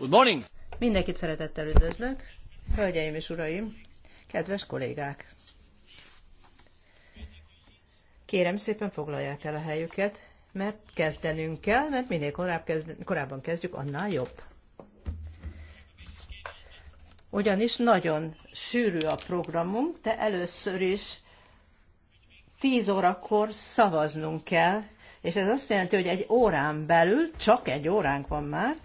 Good morning. Mindenkit szeretettel üdvözlök. Hölgyeim és uraim, kedves kollégák! Kérem szépen foglalják el a helyüket, mert kezdenünk kell, mert minél korább kezd, korábban kezdjük, annál jobb. Ugyanis nagyon sűrű a programunk, de először is 10 órakor szavaznunk kell, és ez azt jelenti, hogy egy órán belül, csak egy óránk van már,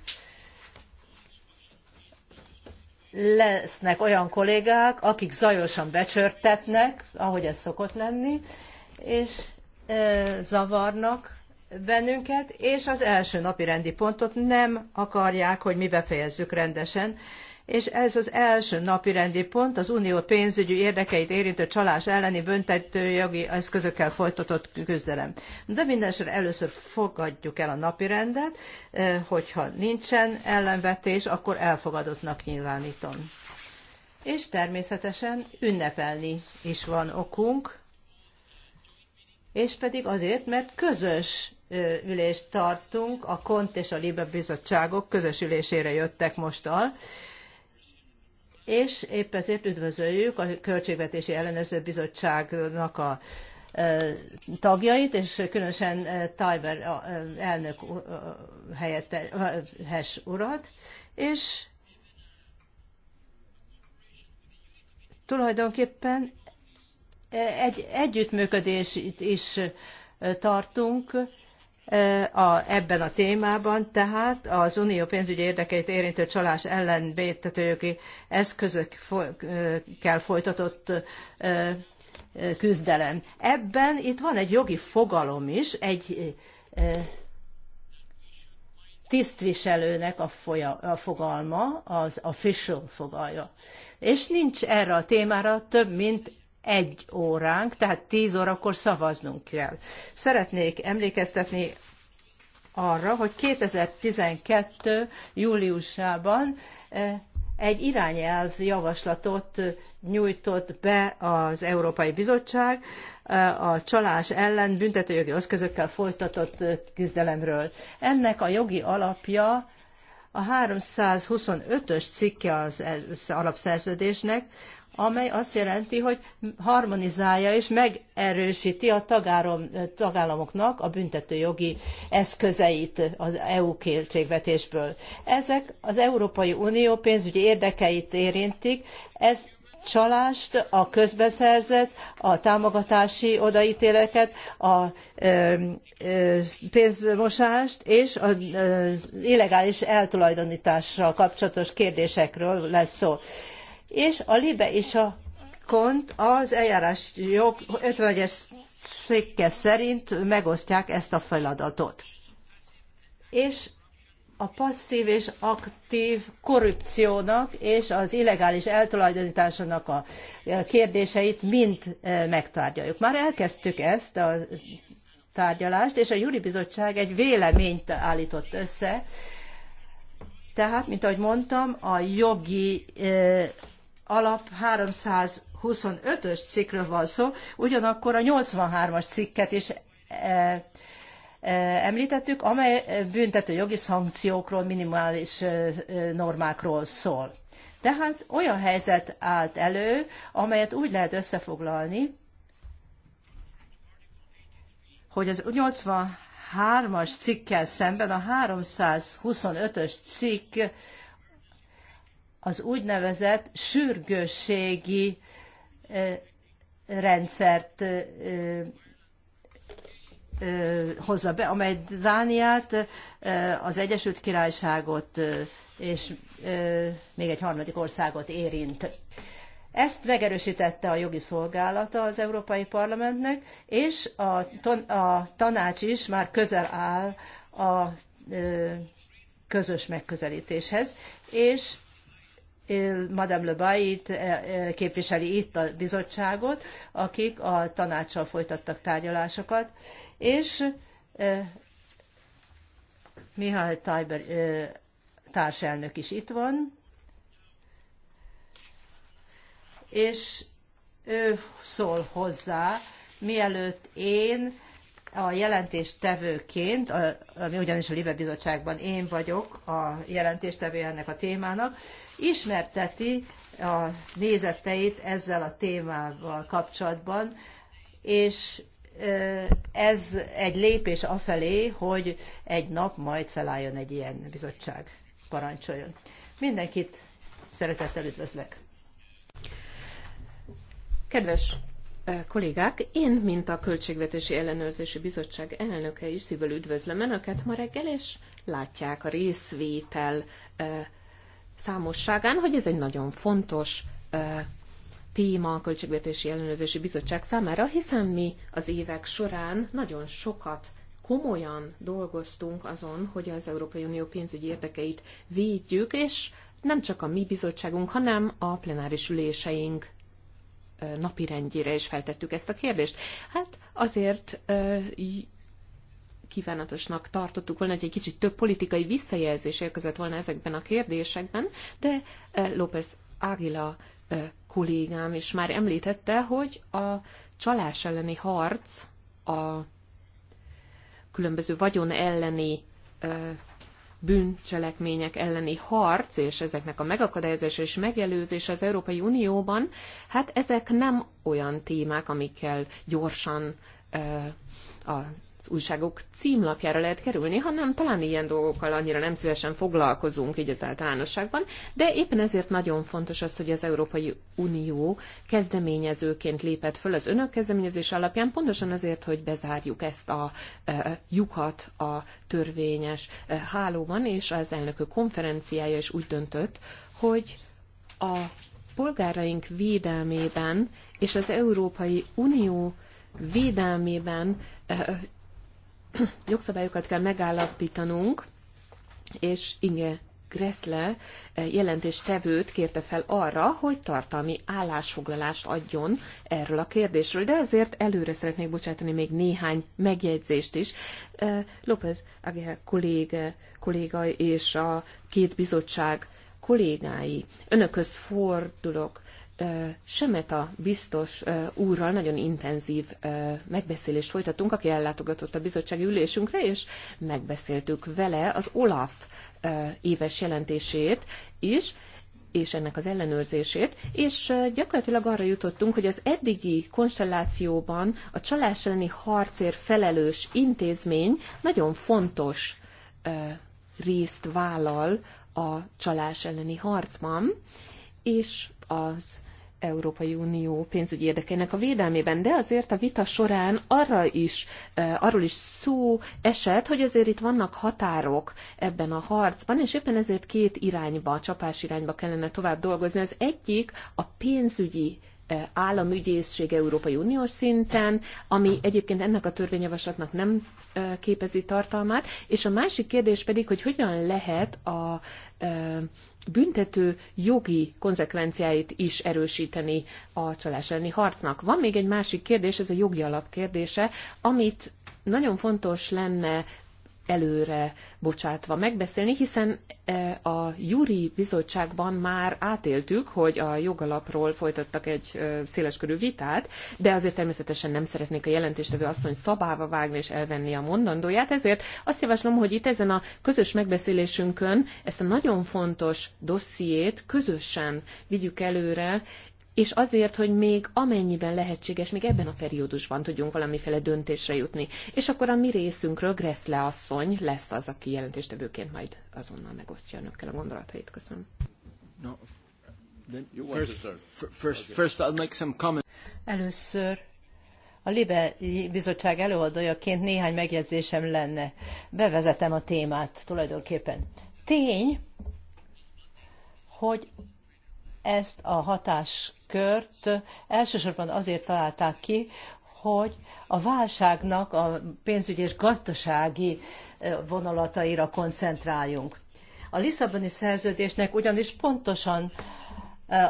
lesznek olyan kollégák, akik zajosan becsörtetnek, ahogy ez szokott lenni, és e, zavarnak bennünket, és az első napi rendi pontot nem akarják, hogy mi befejezzük rendesen, és ez az első napirendi pont az unió pénzügyi érdekeit érintő csalás elleni büntetőjogi eszközökkel folytatott küzdelem. De mindenesetre először fogadjuk el a napirendet, eh, hogyha nincsen ellenvetés, akkor elfogadottnak nyilvánítom. És természetesen ünnepelni is van okunk, és pedig azért, mert közös eh, ülést tartunk, a KONT és a LIBE bizottságok közös ülésére jöttek mostal, és épp ezért üdvözöljük a Költségvetési Ellenőrző Bizottságnak a e, tagjait, és különösen e, Tajber e, elnök helyettes urat, és tulajdonképpen egy együttműködést is tartunk, a, ebben a témában, tehát az unió pénzügyi érdekeit érintő csalás ellen védtetőjogi eszközökkel folytatott küzdelem. Ebben itt van egy jogi fogalom is, egy tisztviselőnek a, folya, a fogalma, az official fogalja. És nincs erre a témára több mint egy óránk, tehát tíz órakor szavaznunk kell. Szeretnék emlékeztetni arra, hogy 2012. júliusában eh, egy irányelv javaslatot nyújtott be az Európai Bizottság eh, a csalás ellen büntetőjogi eszközökkel folytatott eh, küzdelemről. Ennek a jogi alapja a 325-ös cikke az alapszerződésnek, amely azt jelenti, hogy harmonizálja és megerősíti a tagállamoknak a büntetőjogi eszközeit az EU költségvetésből. Ezek az Európai Unió pénzügyi érdekeit érintik, ez csalást, a közbeszerzett, a támogatási odaítéleket, a ö, ö, pénzmosást és az illegális eltulajdonítással kapcsolatos kérdésekről lesz szó és a LIBE és a KONT az eljárás jog 51-es székke szerint megosztják ezt a feladatot. És a passzív és aktív korrupciónak és az illegális eltulajdonításának a e, kérdéseit mind e, megtárgyaljuk. Már elkezdtük ezt a tárgyalást, és a Júri Bizottság egy véleményt állított össze, tehát, mint ahogy mondtam, a jogi e, alap 325-ös cikkről van szó, ugyanakkor a 83-as cikket is e, e, említettük, amely büntető jogi szankciókról, minimális e, e, normákról szól. Tehát olyan helyzet állt elő, amelyet úgy lehet összefoglalni, hogy az 83-as cikkel szemben a 325-ös cikk az úgynevezett sürgősségi rendszert hozza be, amely Dániát, az Egyesült Királyságot és még egy harmadik országot érint. Ezt megerősítette a jogi szolgálata az Európai Parlamentnek, és a, ton, a tanács is már közel áll a ö, közös megközelítéshez, és Madame Le Bait e, e, képviseli itt a bizottságot, akik a tanácssal folytattak tárgyalásokat, és e, Mihály Tajber társelnök is itt van, és ő szól hozzá, mielőtt én a jelentéstevőként, ami ugyanis a Libe Bizottságban én vagyok a jelentéstevő ennek a témának, ismerteti a nézeteit ezzel a témával kapcsolatban, és ez egy lépés afelé, hogy egy nap majd felálljon egy ilyen bizottság, parancsoljon. Mindenkit szeretettel üdvözlek! Kedves kollégák, én, mint a Költségvetési Ellenőrzési Bizottság elnöke is szívből üdvözlöm Önöket ma reggel, és látják a részvétel számosságán, hogy ez egy nagyon fontos téma a Költségvetési Ellenőrzési Bizottság számára, hiszen mi az évek során nagyon sokat komolyan dolgoztunk azon, hogy az Európai Unió pénzügyi érdekeit védjük, és nem csak a mi bizottságunk, hanem a plenáris üléseink rendjére is feltettük ezt a kérdést. Hát azért kívánatosnak tartottuk volna, hogy egy kicsit több politikai visszajelzés érkezett volna ezekben a kérdésekben, de López Ágila kollégám is már említette, hogy a csalás elleni harc, a különböző vagyon elleni bűncselekmények elleni harc és ezeknek a megakadályozása és megelőzés az Európai Unióban, hát ezek nem olyan témák, amikkel gyorsan a az újságok címlapjára lehet kerülni, hanem talán ilyen dolgokkal annyira nem szívesen foglalkozunk így az általánosságban, de éppen ezért nagyon fontos az, hogy az Európai Unió kezdeményezőként lépett föl az önök kezdeményezés alapján, pontosan azért, hogy bezárjuk ezt a e, lyukat a törvényes e, hálóban, és az elnökök konferenciája is úgy döntött, hogy a polgáraink védelmében és az Európai Unió védelmében e, jogszabályokat kell megállapítanunk, és Inge Gressle eh, jelentéstevőt kérte fel arra, hogy tartalmi állásfoglalást adjon erről a kérdésről, de ezért előre szeretnék bocsátani még néhány megjegyzést is. Eh, López Aguilar kolléga, kolléga és a két bizottság kollégái. Önökhöz fordulok. Semeta biztos úrral nagyon intenzív megbeszélést folytatunk, aki ellátogatott a bizottsági ülésünkre, és megbeszéltük vele az OLAF éves jelentését is, és ennek az ellenőrzését, és gyakorlatilag arra jutottunk, hogy az eddigi konstellációban a csalás elleni harcért felelős intézmény nagyon fontos részt vállal a csalás elleni harcban, és az Európai Unió pénzügyi érdekeinek a védelmében, de azért a vita során arra is, arról is szó esett, hogy azért itt vannak határok ebben a harcban, és éppen ezért két irányba, csapás irányba kellene tovább dolgozni. Az egyik a pénzügyi államügyészség Európai Uniós szinten, ami egyébként ennek a törvényjavaslatnak nem képezi tartalmát, és a másik kérdés pedig, hogy hogyan lehet a büntető jogi konzekvenciáit is erősíteni a csalás elleni harcnak. Van még egy másik kérdés, ez a jogi alap kérdése, amit nagyon fontos lenne előre bocsátva megbeszélni, hiszen e, a Júri Bizottságban már átéltük, hogy a jogalapról folytattak egy e, széleskörű vitát, de azért természetesen nem szeretnék a jelentéstevő asszony szabába vágni és elvenni a mondandóját, ezért azt javaslom, hogy itt ezen a közös megbeszélésünkön ezt a nagyon fontos dossziét közösen vigyük előre, és azért, hogy még amennyiben lehetséges, még ebben a periódusban tudjunk valamiféle döntésre jutni. És akkor a mi részünkről Greszle asszony lesz az, aki jelentéstevőként majd azonnal megosztja önökkel a gondolatait. Köszönöm. No. First, first, first I'll make some comment. Először a Libe bizottság előadójaként néhány megjegyzésem lenne. Bevezetem a témát tulajdonképpen. Tény, hogy ezt a hatáskört elsősorban azért találták ki, hogy a válságnak a pénzügyi és gazdasági vonalataira koncentráljunk. A Lisszaboni szerződésnek ugyanis pontosan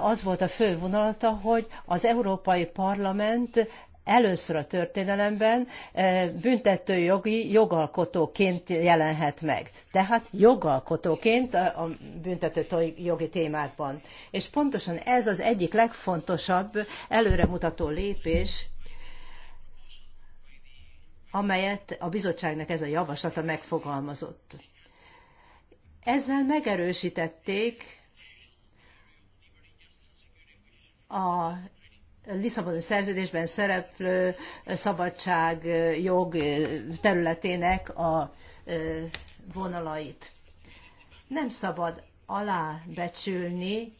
az volt a fő vonalata, hogy az Európai Parlament először a történelemben eh, büntető jogi jogalkotóként jelenhet meg. Tehát jogalkotóként a büntető jogi témákban. És pontosan ez az egyik legfontosabb előremutató lépés, amelyet a bizottságnak ez a javaslata megfogalmazott. Ezzel megerősítették a Lisszaboni szerződésben szereplő eh, szabadság eh, jog eh, területének a vonalait. Nem szabad alábecsülni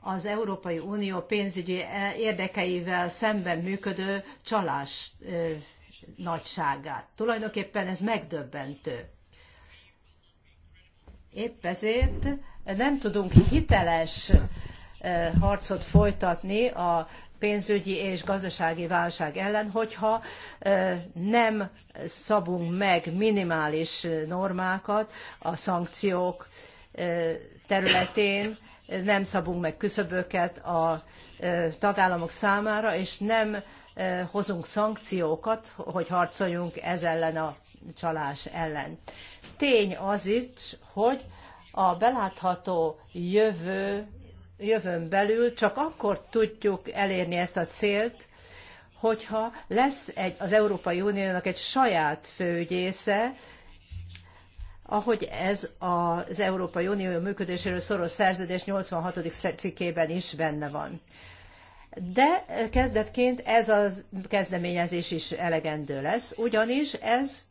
az Európai Unió pénzügyi érdekeivel szemben működő csalás nagyságát. Tulajdonképpen ez megdöbbentő. Épp ezért nem tudunk hiteles harcot folytatni a pénzügyi és gazdasági válság ellen, hogyha nem szabunk meg minimális normákat a szankciók területén, nem szabunk meg küszöböket a tagállamok számára, és nem hozunk szankciókat, hogy harcoljunk ez ellen a csalás ellen. Tény az is, hogy a belátható jövő jövőn belül csak akkor tudjuk elérni ezt a célt, hogyha lesz egy, az Európai Uniónak egy saját főügyésze, ahogy ez az Európai Unió működéséről szóló szerződés 86. cikkében is benne van. De kezdetként ez a kezdeményezés is elegendő lesz, ugyanis ez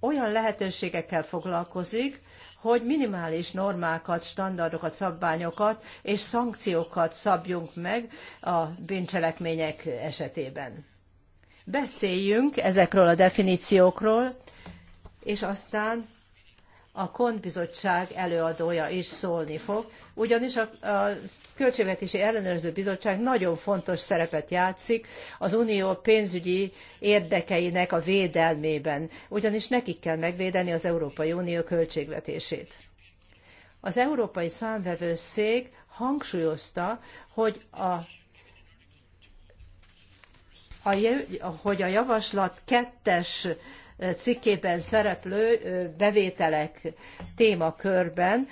olyan lehetőségekkel foglalkozik, hogy minimális normákat, standardokat, szabványokat és szankciókat szabjunk meg a bűncselekmények esetében. Beszéljünk ezekről a definíciókról, és aztán a kontbizottság előadója is szólni fog, ugyanis a, a Költségvetési Ellenőrző Bizottság nagyon fontos szerepet játszik az unió pénzügyi érdekeinek a védelmében, ugyanis nekik kell megvédeni az Európai Unió költségvetését. Az Európai Számvevőszék hangsúlyozta, hogy a a, hogy a javaslat kettes cikkében szereplő bevételek témakörben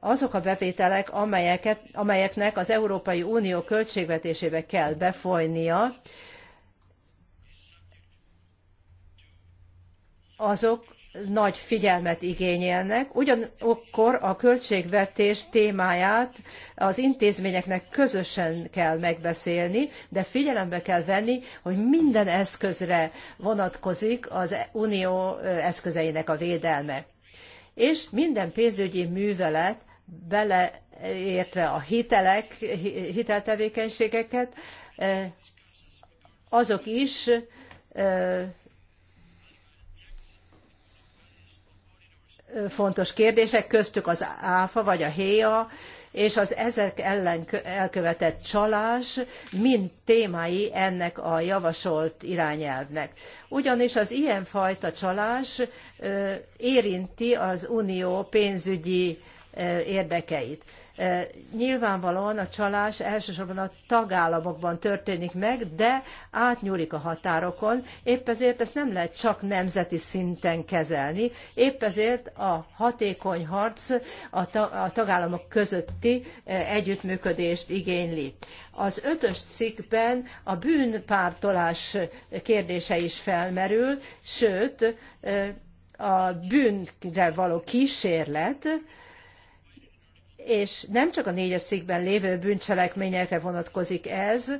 azok a bevételek, amelyeket, amelyeknek az Európai Unió költségvetésébe kell befolynia, azok nagy figyelmet igényelnek, ugyanakkor a költségvetés témáját az intézményeknek közösen kell megbeszélni, de figyelembe kell venni, hogy minden eszközre vonatkozik az unió eszközeinek a védelme. És minden pénzügyi művelet beleértve a hitelek, hiteltevékenységeket, azok is fontos kérdések, köztük az áfa vagy a héja, és az ezek ellen elkövetett csalás mind témái ennek a javasolt irányelvnek. Ugyanis az ilyen fajta csalás érinti az unió pénzügyi érdekeit. Nyilvánvalóan a csalás elsősorban a tagállamokban történik meg, de átnyúlik a határokon, épp ezért ezt nem lehet csak nemzeti szinten kezelni, épp ezért a hatékony harc a, tagállamok közötti együttműködést igényli. Az ötös cikkben a bűnpártolás kérdése is felmerül, sőt, a bűnre való kísérlet, és nem csak a négyes cikkben lévő bűncselekményekre vonatkozik ez,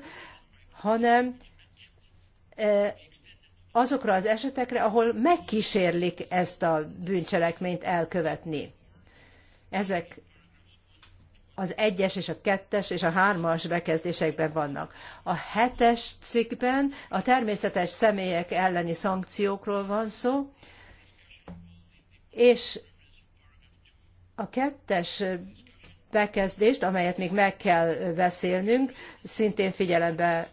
hanem e, azokra az esetekre, ahol megkísérlik ezt a bűncselekményt elkövetni. Ezek az egyes és a kettes és a hármas bekezdésekben vannak. A hetes cikkben a természetes személyek elleni szankciókról van szó, és a kettes bekezdést, amelyet még meg kell beszélnünk, szintén figyelembe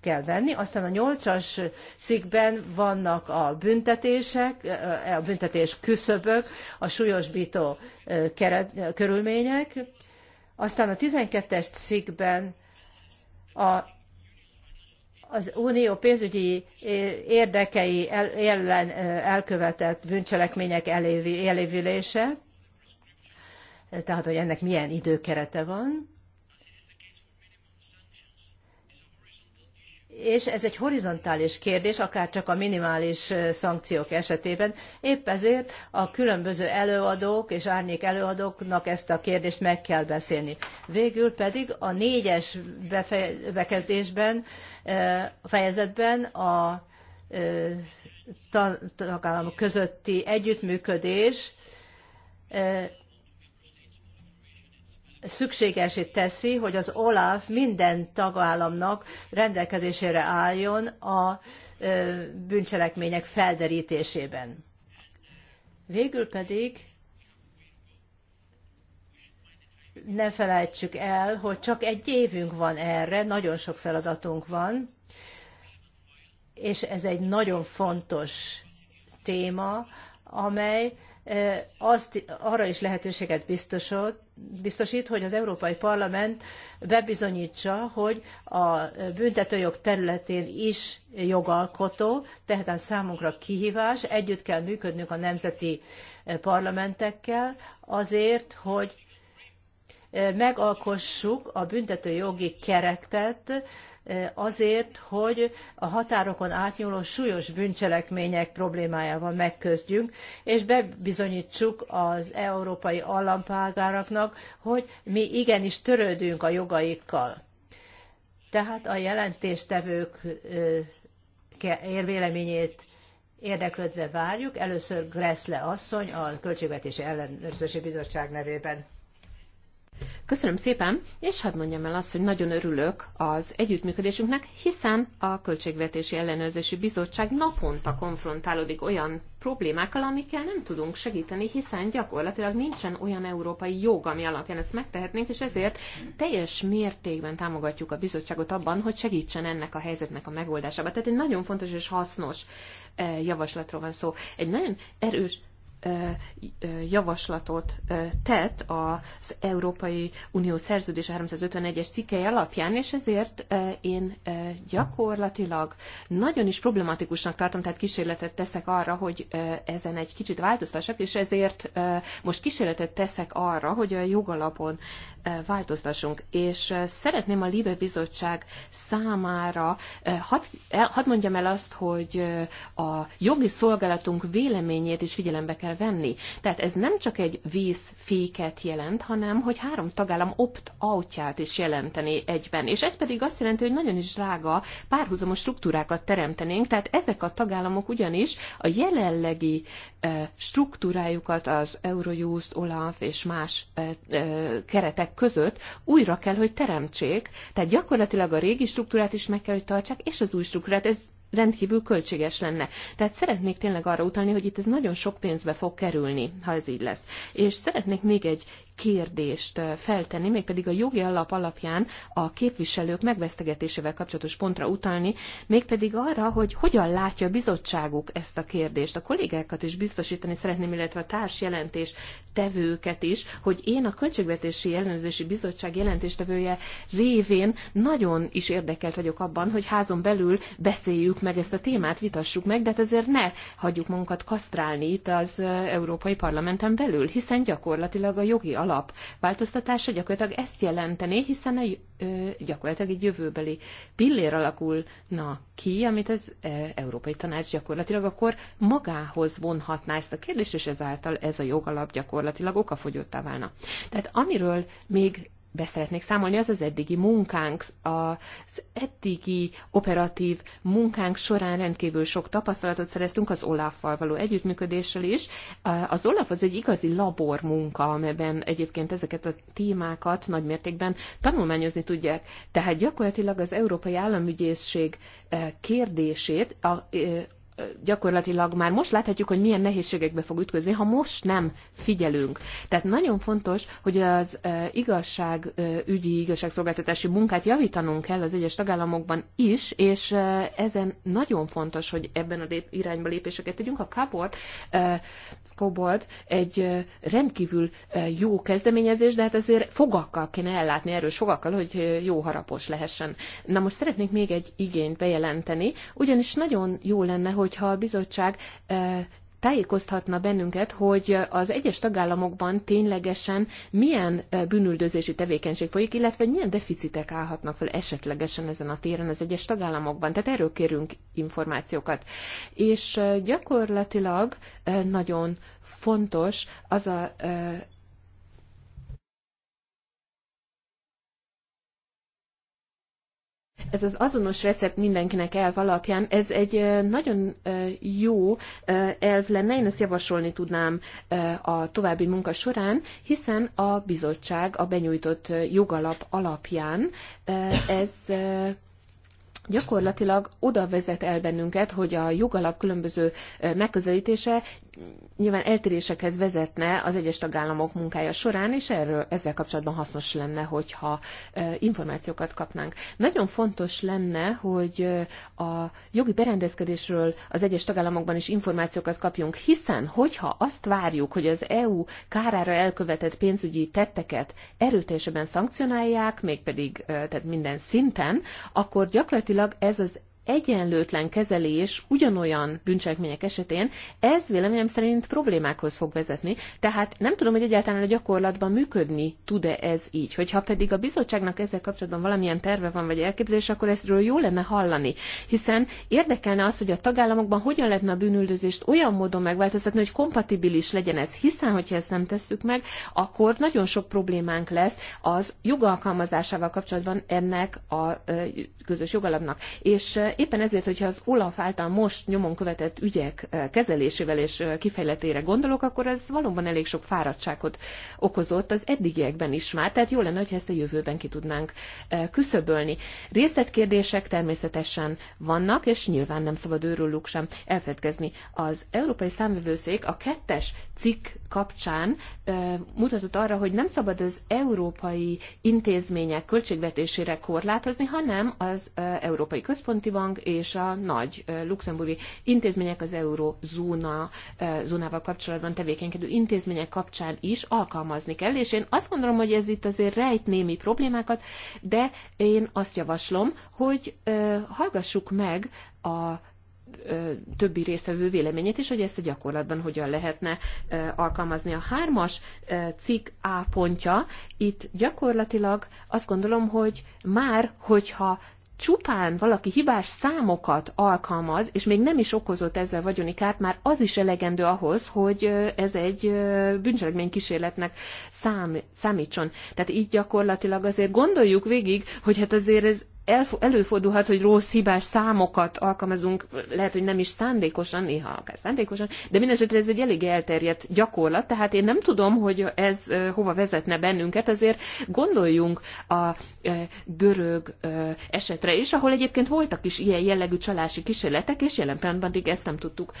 kell venni. Aztán a nyolcas cikkben vannak a büntetések, a büntetés küszöbök, a súlyosbító körülmények. Aztán a 12-es cikkben a az unió pénzügyi érdekei ellen elkövetett bűncselekmények elévülése, tehát hogy ennek milyen időkerete van. És ez egy horizontális kérdés, akár csak a minimális szankciók esetében. Épp ezért a különböző előadók és árnyék előadóknak ezt a kérdést meg kell beszélni. Végül pedig a négyes bekezdésben, fejezetben a tagállamok közötti együttműködés szükségesé teszi, hogy az OLAF minden tagállamnak rendelkezésére álljon a bűncselekmények felderítésében. Végül pedig ne felejtsük el, hogy csak egy évünk van erre, nagyon sok feladatunk van, és ez egy nagyon fontos téma, amely azt, arra is lehetőséget biztosod, biztosít, hogy az Európai Parlament bebizonyítsa, hogy a büntetőjog területén is jogalkotó, tehát számunkra kihívás, együtt kell működnünk a nemzeti parlamentekkel azért, hogy megalkossuk a büntető jogi keretet eh, azért, hogy a határokon átnyúló súlyos bűncselekmények problémájával megközdjünk, és bebizonyítsuk az európai állampolgároknak, hogy mi igenis törődünk a jogaikkal. Tehát a jelentéstevők eh, érvéleményét érdeklődve várjuk. Először Gressle asszony a Költségvetési Ellenőrzési Bizottság nevében. Köszönöm szépen, és hadd mondjam el azt, hogy nagyon örülök az együttműködésünknek, hiszen a Költségvetési Ellenőrzési Bizottság naponta konfrontálódik olyan problémákkal, amikkel nem tudunk segíteni, hiszen gyakorlatilag nincsen olyan európai jog, ami alapján ezt megtehetnénk, és ezért teljes mértékben támogatjuk a bizottságot abban, hogy segítsen ennek a helyzetnek a megoldásába. Tehát egy nagyon fontos és hasznos eh, javaslatról van szó. Egy nagyon erős javaslatot tett az Európai Unió szerződés 351-es cikkei alapján, és ezért én gyakorlatilag nagyon is problematikusnak tartom, tehát kísérletet teszek arra, hogy ezen egy kicsit változtassak, és ezért most kísérletet teszek arra, hogy a jogalapon változtassunk. És eh, szeretném a Libe Bizottság számára, eh, hadd had mondjam el azt, hogy eh, a jogi szolgálatunk véleményét is figyelembe kell venni. Tehát ez nem csak egy vízféket jelent, hanem hogy három tagállam opt-outját is jelenteni egyben. És ez pedig azt jelenti, hogy nagyon is drága párhuzamos struktúrákat teremtenénk, tehát ezek a tagállamok ugyanis a jelenlegi struktúrájukat az Eurojust, Olaf és más keretek között újra kell, hogy teremtsék. Tehát gyakorlatilag a régi struktúrát is meg kell, hogy tartsák, és az új struktúrát. Ez rendkívül költséges lenne. Tehát szeretnék tényleg arra utalni, hogy itt ez nagyon sok pénzbe fog kerülni, ha ez így lesz. És szeretnék még egy kérdést eh, feltenni, mégpedig a jogi alap alapján a képviselők megvesztegetésével kapcsolatos pontra utalni, mégpedig arra, hogy hogyan látja a bizottságuk ezt a kérdést. A kollégákat is biztosítani szeretném, illetve a társjelentés tevőket is, hogy én a Költségvetési Ellenőrzési Bizottság jelentéstevője révén nagyon is érdekelt vagyok abban, hogy házon belül beszéljük meg ezt a témát, vitassuk meg, de hát azért ne hagyjuk magunkat kasztrálni itt az Európai Parlamenten belül, hiszen gyakorlatilag a jogi alap változtatása gyakorlatilag ezt jelentené, hiszen a, gyakorlatilag egy jövőbeli pillér alakulna ki, amit az Európai Tanács gyakorlatilag akkor magához vonhatná ezt a kérdést, és ezáltal ez a jogalap gyakorlatilag okafogyottá válna. Tehát amiről még beszeretnék számolni, az az eddigi munkánk, az eddigi operatív munkánk során rendkívül sok tapasztalatot szereztünk az Olaffal való együttműködéssel is. Az Olaf az egy igazi labor munka, amelyben egyébként ezeket a témákat nagymértékben tanulmányozni tudják. Tehát gyakorlatilag az Európai Államügyészség eh, kérdését a, eh, gyakorlatilag már most láthatjuk, hogy milyen nehézségekbe fog ütközni, ha most nem figyelünk. Tehát nagyon fontos, hogy az igazságügyi, igazságszolgáltatási munkát javítanunk kell az egyes tagállamokban is, és ezen nagyon fontos, hogy ebben a lép, irányba lépéseket tegyünk. A Kabort, Skobold egy rendkívül jó kezdeményezés, de hát azért fogakkal kéne ellátni erős fogakkal, hogy jó harapos lehessen. Na most szeretnék még egy igényt bejelenteni, ugyanis nagyon jó lenne, hogy hogyha a bizottság tájékoztatna bennünket, hogy az egyes tagállamokban ténylegesen milyen bűnüldözési tevékenység folyik, illetve milyen deficitek állhatnak fel esetlegesen ezen a téren az egyes tagállamokban. Tehát erről kérünk információkat. És gyakorlatilag nagyon fontos az a ez az azonos recept mindenkinek elv alapján, ez egy nagyon jó elv lenne, én ezt javasolni tudnám a további munka során, hiszen a bizottság a benyújtott jogalap alapján ez gyakorlatilag oda vezet el bennünket, hogy a jogalap különböző megközelítése nyilván eltérésekhez vezetne az egyes tagállamok munkája során, és erről ezzel kapcsolatban hasznos lenne, hogyha információkat kapnánk. Nagyon fontos lenne, hogy a jogi berendezkedésről az egyes tagállamokban is információkat kapjunk, hiszen hogyha azt várjuk, hogy az EU kárára elkövetett pénzügyi tetteket erőteljesebben szankcionálják, mégpedig tehát minden szinten, akkor gyakorlatilag gyakorlatilag ez az egyenlőtlen kezelés ugyanolyan bűncselekmények esetén, ez véleményem szerint problémákhoz fog vezetni, tehát nem tudom, hogy egyáltalán a gyakorlatban működni tud-e ez így. Hogyha pedig a bizottságnak ezzel kapcsolatban valamilyen terve van, vagy elképzelés, akkor ezről jó lenne hallani, hiszen érdekelne az, hogy a tagállamokban hogyan lehetne a bűnüldözést olyan módon megváltoztatni, hogy kompatibilis legyen ez, hiszen hogyha ezt nem tesszük meg, akkor nagyon sok problémánk lesz az jogalkalmazásával kapcsolatban ennek a közös jogalapnak. És Éppen ezért, hogyha az Olaf által most nyomon követett ügyek eh, kezelésével és eh, kifejletére gondolok, akkor ez valóban elég sok fáradtságot okozott az eddigiekben is már, tehát jó lenne, hogy ezt a jövőben ki tudnánk eh, küszöbölni. Részletkérdések természetesen vannak, és nyilván nem szabad őrülük sem elfedkezni. Az Európai Számvevőszék a kettes cikk kapcsán mutatott arra, hogy nem szabad az európai intézmények költségvetésére korlátozni, hanem az Európai Központi Bank Bank és a nagy luxemburgi intézmények az eurozóna zónával kapcsolatban tevékenykedő intézmények kapcsán is alkalmazni kell, és én azt gondolom, hogy ez itt azért rejt némi problémákat, de én azt javaslom, hogy hallgassuk meg a többi részvevő véleményét is, hogy ezt a gyakorlatban hogyan lehetne alkalmazni. A hármas cikk A pontja, itt gyakorlatilag azt gondolom, hogy már, hogyha csupán valaki hibás számokat alkalmaz, és még nem is okozott ezzel vagyoni kárt, már az is elegendő ahhoz, hogy ez egy bűncselekménykísérletnek szám, számítson. Tehát így gyakorlatilag azért gondoljuk végig, hogy hát azért ez előfordulhat, hogy rossz, hibás számokat alkalmazunk, lehet, hogy nem is szándékosan, néha akár szándékosan, de mindesetre ez egy elég elterjedt gyakorlat, tehát én nem tudom, hogy ez hova vezetne bennünket, azért gondoljunk a görög esetre is, ahol egyébként voltak is ilyen jellegű csalási kísérletek, és jelen pillanatban pedig ezt nem tudtuk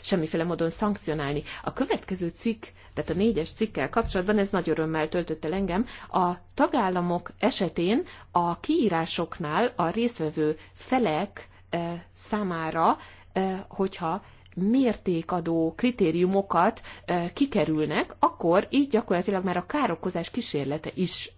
semmiféle módon szankcionálni. A következő cikk, tehát a négyes cikkel kapcsolatban ez nagy örömmel töltött el engem, a tagállamok esetén a kiírásoknál a résztvevő felek eh, számára, eh, hogyha mértékadó kritériumokat kikerülnek, akkor így gyakorlatilag már a károkozás kísérlete is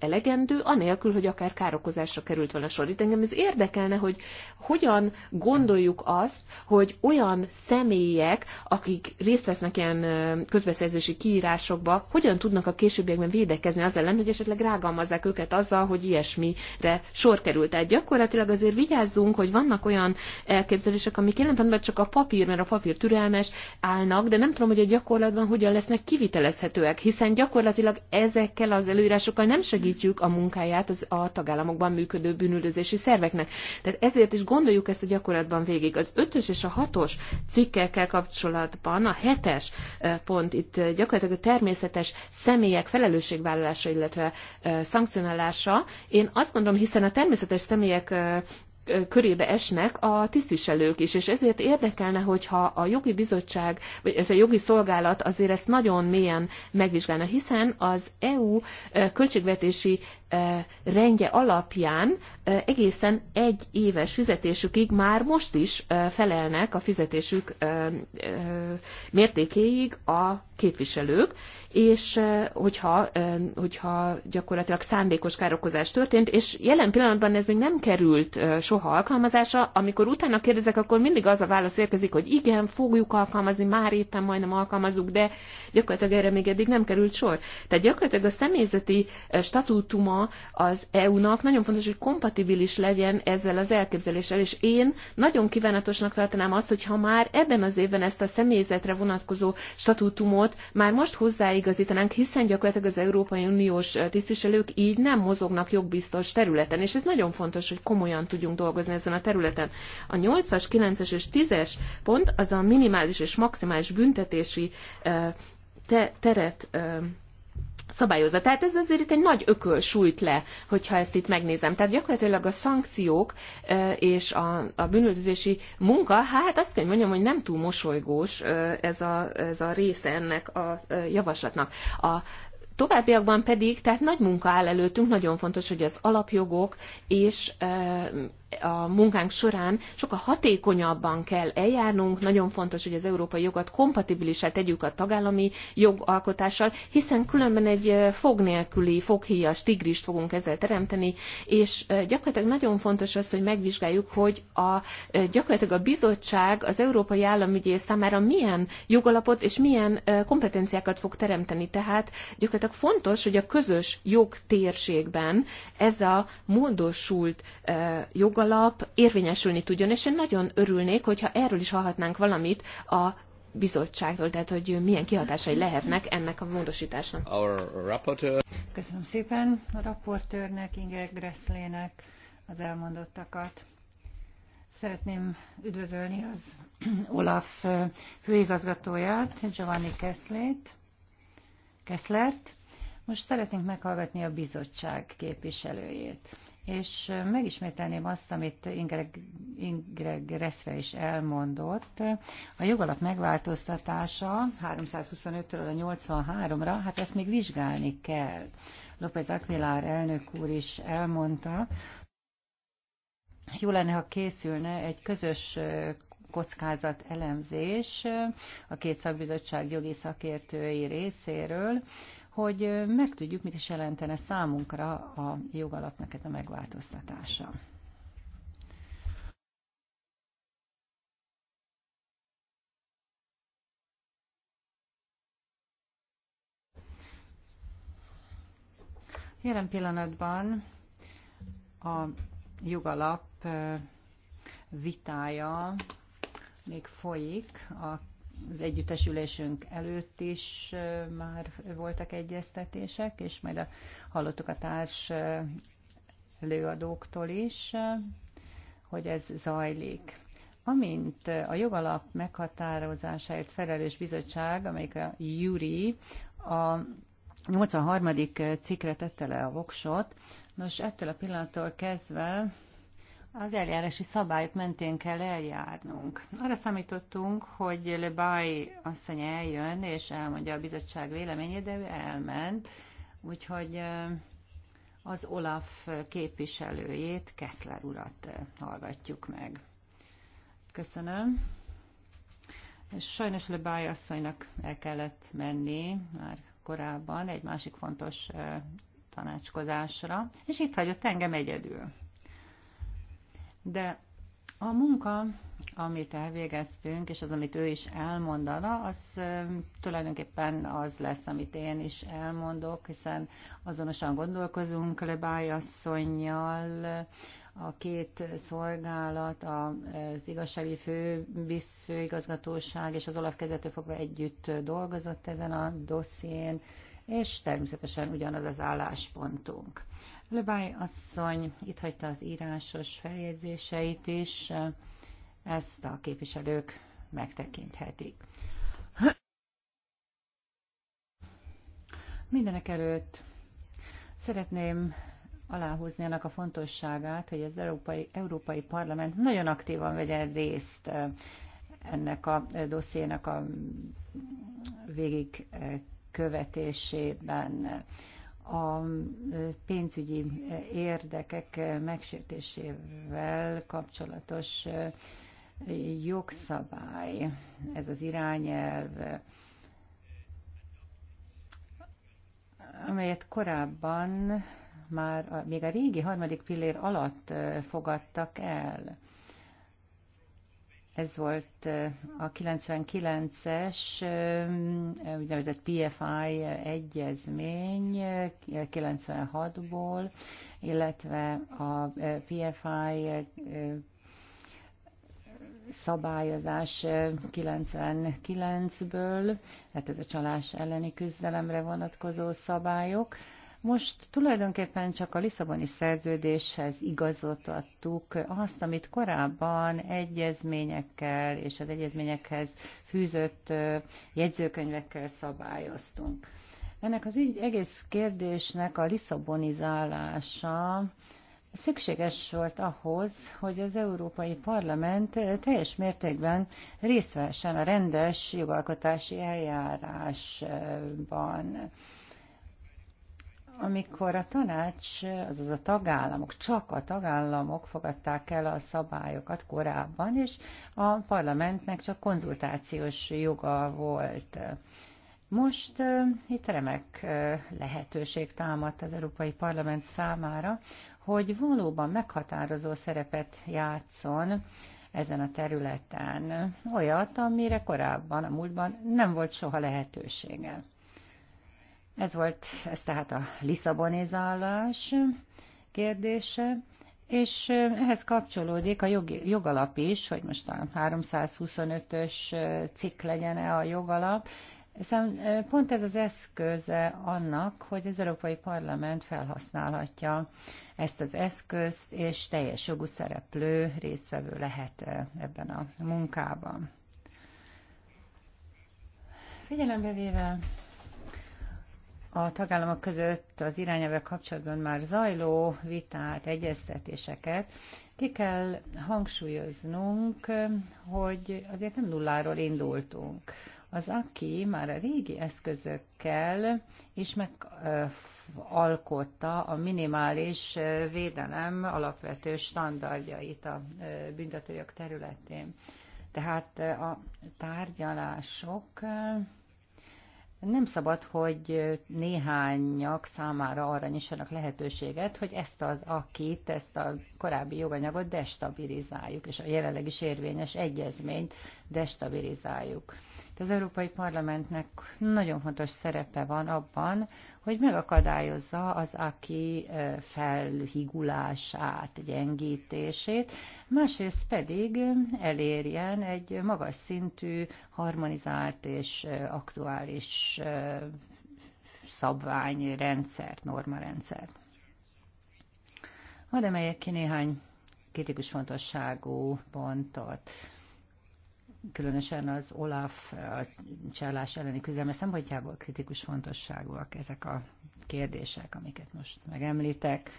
elegendő, anélkül, hogy akár károkozásra került volna sor. Itt engem ez érdekelne, hogy hogyan gondoljuk azt, hogy olyan személyek, akik részt vesznek ilyen közbeszerzési kiírásokba, hogyan tudnak a későbbiekben védekezni az ellen, hogy esetleg rágalmazzák őket azzal, hogy ilyesmire sor került. Tehát gyakorlatilag azért vigyázzunk, hogy vannak olyan elképzelések, amik jelen csak a papír mert a papír türelmes, állnak, de nem tudom, hogy a gyakorlatban hogyan lesznek kivitelezhetőek, hiszen gyakorlatilag ezekkel az előírásokkal nem segítjük a munkáját az a tagállamokban működő bűnüldözési szerveknek. Tehát ezért is gondoljuk ezt a gyakorlatban végig. Az ötös és a hatos cikkekkel kapcsolatban a hetes pont itt gyakorlatilag a természetes személyek felelősségvállalása, illetve szankcionálása. Én azt gondolom, hiszen a természetes személyek körébe esnek a tisztviselők is, és ezért érdekelne, hogyha a jogi bizottság, vagy ez a jogi szolgálat azért ezt nagyon mélyen megvizsgálna, hiszen az EU költségvetési rendje alapján egészen egy éves fizetésükig már most is felelnek a fizetésük mértékéig a képviselők, és hogyha, hogyha gyakorlatilag szándékos károkozás történt, és jelen pillanatban ez még nem került soha alkalmazásra, amikor utána kérdezek, akkor mindig az a válasz érkezik, hogy igen, fogjuk alkalmazni, már éppen majdnem alkalmazunk, de gyakorlatilag erre még eddig nem került sor. Tehát gyakorlatilag a személyzeti statútuma az EU-nak nagyon fontos, hogy kompatibilis legyen ezzel az elképzeléssel, és én nagyon kívánatosnak tartanám azt, hogy ha már ebben az évben ezt a személyzetre vonatkozó statútumot már most hozzáig hozzáigazítanánk, hiszen gyakorlatilag az Európai Uniós tisztviselők így nem mozognak jogbiztos területen, és ez nagyon fontos, hogy komolyan tudjunk dolgozni ezen a területen. A 8-as, 9-es és 10-es pont az a minimális és maximális büntetési te, teret szabályozza. Tehát ez azért itt egy nagy ököl sújt le, hogyha ezt itt megnézem. Tehát gyakorlatilag a szankciók és a, a bűnöldözési munka, hát azt kell mondjam, hogy nem túl mosolygós ez a, ez a része ennek a javaslatnak. A Továbbiakban pedig, tehát nagy munka áll előttünk, nagyon fontos, hogy az alapjogok és a munkánk során sokkal hatékonyabban kell eljárnunk. Nagyon fontos, hogy az európai jogot kompatibilisát tegyük a tagállami jogalkotással, hiszen különben egy fog nélküli, foghíjas tigrist fogunk ezzel teremteni, és gyakorlatilag nagyon fontos az, hogy megvizsgáljuk, hogy a, gyakorlatilag a bizottság az európai államügyész számára milyen jogalapot és milyen kompetenciákat fog teremteni. Tehát gyakorlatilag fontos, hogy a közös jogtérségben ez a módosult jogalap, jogalap érvényesülni tudjon, és én nagyon örülnék, hogyha erről is hallhatnánk valamit a bizottságtól, tehát hogy milyen kihatásai lehetnek ennek a módosításnak. Köszönöm szépen a raportőrnek, Inge Gresslének az elmondottakat. Szeretném üdvözölni az Olaf főigazgatóját, Giovanni Kesslét, Kesslert. Most szeretnénk meghallgatni a bizottság képviselőjét és megismételném azt, amit Ingreg, Ingreg Reszre is elmondott. A jogalap megváltoztatása 325-ről a 83-ra, hát ezt még vizsgálni kell. López Aquilar elnök úr is elmondta, jó lenne, ha készülne egy közös kockázat elemzés a két szakbizottság jogi szakértői részéről, hogy megtudjuk, mit is jelentene számunkra a jogalapnak ez a megváltoztatása. Jelen pillanatban a jogalap vitája még folyik a az együttesülésünk előtt is már voltak egyeztetések, és majd a, hallottuk a társ előadóktól is, hogy ez zajlik. Amint a jogalap meghatározásáért felelős bizottság, amelyik a Júri, a 83. cikre tette le a voksot, nos, ettől a pillanattól kezdve az eljárási szabályok mentén kell eljárnunk. Arra számítottunk, hogy Bay asszony eljön, és elmondja a bizottság véleményét, de ő elment, úgyhogy az Olaf képviselőjét, Kessler urat hallgatjuk meg. Köszönöm. Sajnos Bay asszonynak el kellett menni már korábban egy másik fontos tanácskozásra, és itt hagyott engem egyedül. De a munka, amit elvégeztünk, és az, amit ő is elmondana, az tulajdonképpen az lesz, amit én is elmondok, hiszen azonosan gondolkozunk Lebály asszonynal, a két szolgálat, az igazsági fő, főigazgatóság és az Olaf kezető fogva együtt dolgozott ezen a dosszién, és természetesen ugyanaz az álláspontunk. Lebály asszony itt hagyta az írásos feljegyzéseit is, ezt a képviselők megtekinthetik. Mindenek előtt szeretném aláhúzni annak a fontosságát, hogy az Európai, Európai Parlament nagyon aktívan vegye részt eh, ennek a dossziénak a végig eh, követésében a pénzügyi érdekek megsértésével kapcsolatos jogszabály, ez az irányelv, amelyet korábban már a, még a régi harmadik pillér alatt fogadtak el ez volt a 99-es úgynevezett PFI egyezmény 96-ból, illetve a PFI szabályozás 99-ből, tehát ez a csalás elleni küzdelemre vonatkozó szabályok. Most tulajdonképpen csak a Lisszaboni szerződéshez igazoltattuk azt, amit korábban egyezményekkel és az egyezményekhez fűzött jegyzőkönyvekkel szabályoztunk. Ennek az ügy, egész kérdésnek a lisszabonizálása szükséges volt ahhoz, hogy az Európai Parlament teljes mértékben részt a rendes jogalkotási eljárásban amikor a tanács, azaz a tagállamok, csak a tagállamok fogadták el a szabályokat korábban, és a parlamentnek csak konzultációs joga volt. Most uh, itt remek uh, lehetőség támadt az Európai Parlament számára, hogy valóban meghatározó szerepet játszon ezen a területen. Olyat, amire korábban, a múltban nem volt soha lehetősége. Ez volt ez tehát a liszabonizálás kérdése, és ehhez kapcsolódik a jog, jogalap is, hogy most a 325-ös cikk legyen-e a jogalap. Hiszen szóval, pont ez az eszköze annak, hogy az Európai Parlament felhasználhatja ezt az eszközt, és teljes jogú szereplő résztvevő lehet ebben a munkában. Figyelembe véve a tagállamok között az irányelvek kapcsolatban már zajló vitát, egyeztetéseket, ki kell hangsúlyoznunk, hogy azért nem nulláról indultunk. Az aki már a régi eszközökkel is megalkotta a minimális védelem alapvető standardjait a büntetőjog területén. Tehát a tárgyalások nem szabad, hogy néhányak számára arra nyissanak lehetőséget, hogy ezt az akit, ezt a korábbi joganyagot destabilizáljuk, és a jelenleg is érvényes egyezményt destabilizáljuk. De az Európai Parlamentnek nagyon fontos szerepe van abban, hogy megakadályozza az aki felhigulását, gyengítését, másrészt pedig elérjen egy magas szintű, harmonizált és aktuális szabványrendszert, normarendszert. Hadd emeljek ki néhány kritikus fontosságú pontot különösen az OLAF a csalás elleni küzdelme szempontjából kritikus fontosságúak ezek a kérdések, amiket most megemlítek.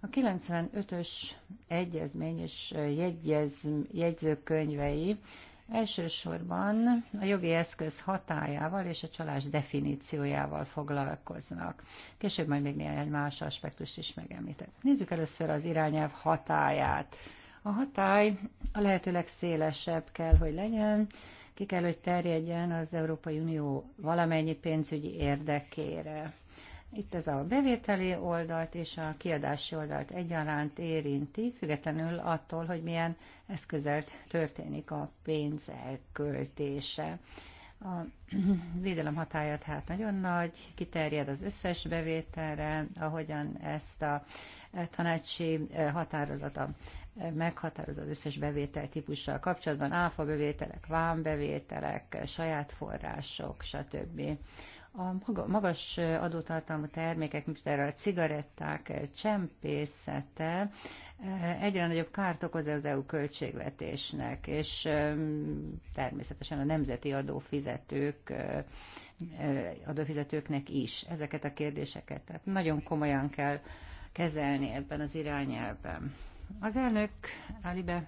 A 95-ös egyezmény és jegyez, jegyzőkönyvei elsősorban a jogi eszköz hatájával és a csalás definíciójával foglalkoznak. Később majd még néhány más aspektust is megemlítek. Nézzük először az irányelv hatáját. A hatály a lehető legszélesebb kell, hogy legyen, ki kell, hogy terjedjen az Európai Unió valamennyi pénzügyi érdekére. Itt ez a bevételi oldalt és a kiadási oldalt egyaránt érinti, függetlenül attól, hogy milyen eszközelt történik a pénz elköltése. A védelem hatája tehát nagyon nagy, kiterjed az összes bevételre, ahogyan ezt a tanácsi határozata meghatároz az összes bevétel típussal kapcsolatban, áfa bevételek, vámbevételek, saját források, stb. A magas adótartalmú termékek, mint például a cigaretták csempészete eh, egyre nagyobb kárt okoz az EU költségvetésnek, és természetesen a nemzeti adófizetők eh, eh, adófizetőknek is ezeket a kérdéseket. Tehát nagyon komolyan kell kezelni ebben az irányelben. Az elnök, Alibe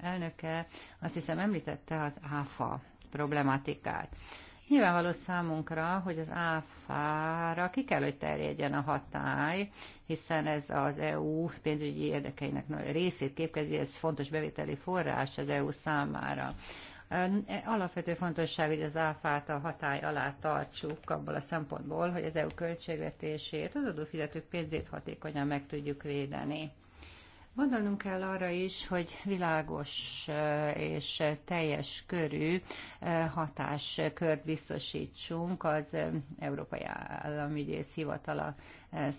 elnöke azt hiszem említette az ÁFA problematikát. Nyilvánvaló számunkra, hogy az ÁFA-ra ki kell, hogy terjedjen a hatály, hiszen ez az EU pénzügyi érdekeinek nagy részét képezi, ez fontos bevételi forrás az EU számára. Alapvető fontosság, hogy az áfát a hatály alá tartsuk abból a szempontból, hogy az EU költségvetését, az adófizetők pénzét hatékonyan meg tudjuk védeni. Gondolnunk kell arra is, hogy világos és teljes körű hatáskört biztosítsunk az Európai Államügyész Hivatala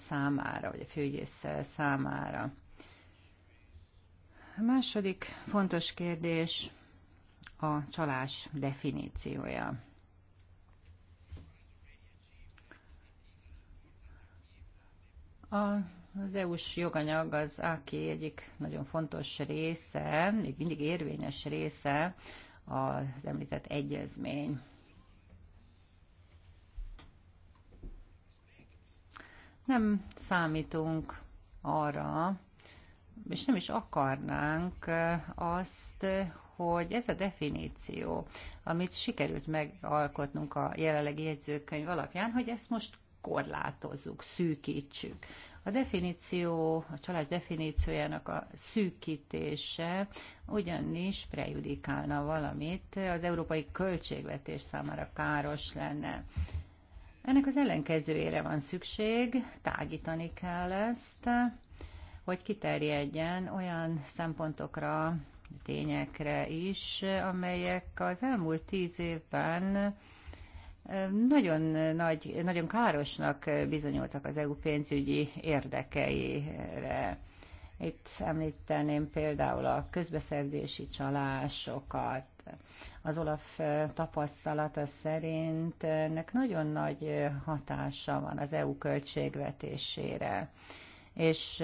számára, vagy a főügyész számára. A második fontos kérdés a csalás definíciója. A az EU-s joganyag az AKI egyik nagyon fontos része, még mindig érvényes része az említett egyezmény. Nem számítunk arra, és nem is akarnánk azt, hogy ez a definíció, amit sikerült megalkotnunk a jelenlegi jegyzőkönyv alapján, hogy ezt most korlátozzuk, szűkítsük. A definíció, a csalás definíciójának a szűkítése ugyanis prejudikálna valamit, az európai költségvetés számára káros lenne. Ennek az ellenkezőjére van szükség, tágítani kell ezt, hogy kiterjedjen olyan szempontokra, tényekre is, amelyek az elmúlt tíz évben nagyon nagy, nagyon károsnak bizonyultak az EU pénzügyi érdekeire. Itt említeném például a közbeszerzési csalásokat. Az Olaf tapasztalata szerint ennek nagyon nagy hatása van az EU költségvetésére és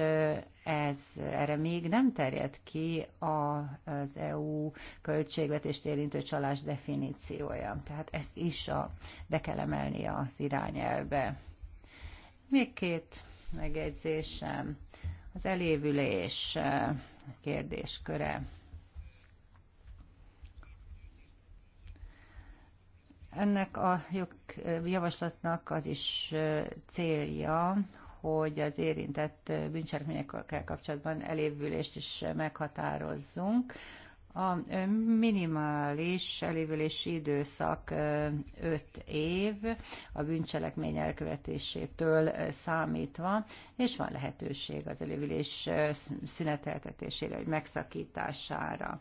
ez erre még nem terjed ki az EU költségvetést érintő csalás definíciója. Tehát ezt is a, be kell emelni az irányelbe. Még két megjegyzésem. Az elévülés kérdésköre. Ennek a jog, javaslatnak az is célja, hogy az érintett bűncselekményekkel kapcsolatban elévülést is meghatározzunk. A minimális elévülési időszak 5 év a bűncselekmény elkövetésétől számítva, és van lehetőség az elévülés szüneteltetésére, vagy megszakítására.